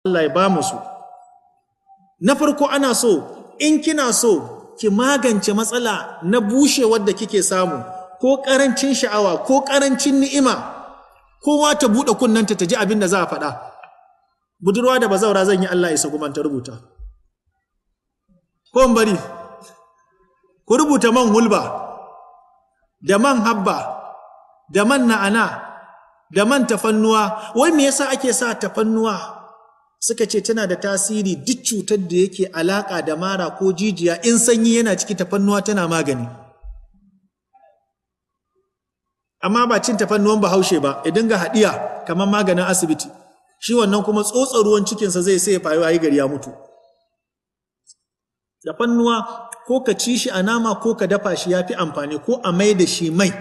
Allah ya ba mu su na farko ana so in kina so ki magance matsala na bushe wadda kike samu ko ƙarancin sha'awa ko ƙarancin ni'ima kowa ta buɗe kunnanta ta ji abin da za a faɗa budurwa da bazaura zan yi Allah isa guman ta rubuta ko bari ku rubuta man hulba da man habba da man na'ana da man tafannuwa wai me yasa ake sa tafannuwa suka ce tana da tasiri duk cutar da yake alaƙa da mara ko jijiya in sanyi yana ciki tafannuwa tana magani amma ba cin tafannuwan bahaushe ba idan ga haɗiya kamar maganin asibiti shi wannan kuma tsotsa ruwan cikinsa zai sai fayo yi gari ya mutu tafannuwa ko ka ci shi a nama ko ka dafa shi ya fi amfani ko a mai da shi mai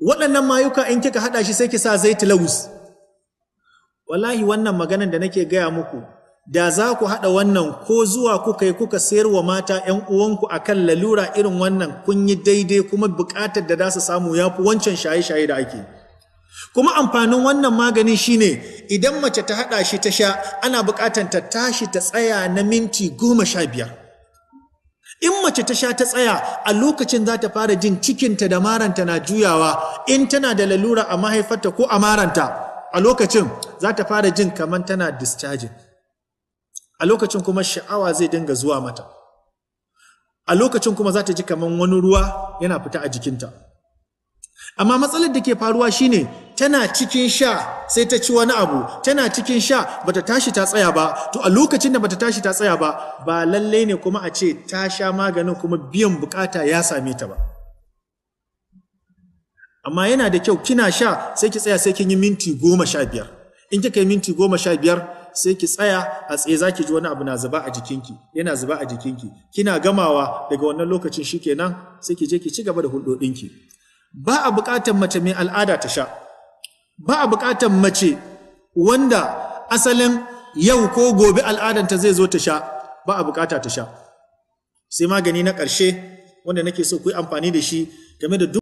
waɗannan mayuka in kika haɗa shi sai ki sa zaitulawus wallahi wannan maganan da nake gaya muku da za ku haɗa wannan ko zuwa kuka yi kuka sayar wa mata 'yan uwanku akan lalura irin wannan kun yi daidai kuma buƙatar da za su samu ya fi wancan shaye-shaye da ake kuma amfanin wannan magani shine idan mace ta haɗa shi ta sha ana buƙatar ta tashi ta tsaya na minti goma sha biyar in mace ta sha ta tsaya a lokacin za ta fara jin cikinta da maranta na juyawa in tana da lalura a mahaifarta ko a maranta a lokacin za ta fara jin kamar tana discharging a lokacin kuma sha'awa zai dinga zuwa mata a lokacin kuma za ta ji kamar wani ruwa yana fita a jikinta amma matsalar da ke faruwa shine tana cikin sha sai ta ci wani abu tana cikin sha bata tashi ta tsaya ba to a lokacin da bata tashi ta tsaya ba ba lallai ne kuma a ce ta sha maganin kuma biyan bukata ya same ta ba amma yana da kyau kina sha sai ki tsaya sai kin yi minti goma sha biyar in kika yi minti goma sha biyar sai ki tsaya a tsaye za ki ji wani abu na zuba a jikinki yana zuba a jikinki kina gamawa daga wannan lokacin shikenan sai ki je ki ci gaba da hulɗoɗinki ba a buƙatar mace mai al'ada ta sha ba a buƙatar mace wanda asalin yau ko gobe al'adanta zai zo ta sha ba a buƙata ta sha sai magani na ƙarshe wanda nake so ku yi amfani da shi game da duk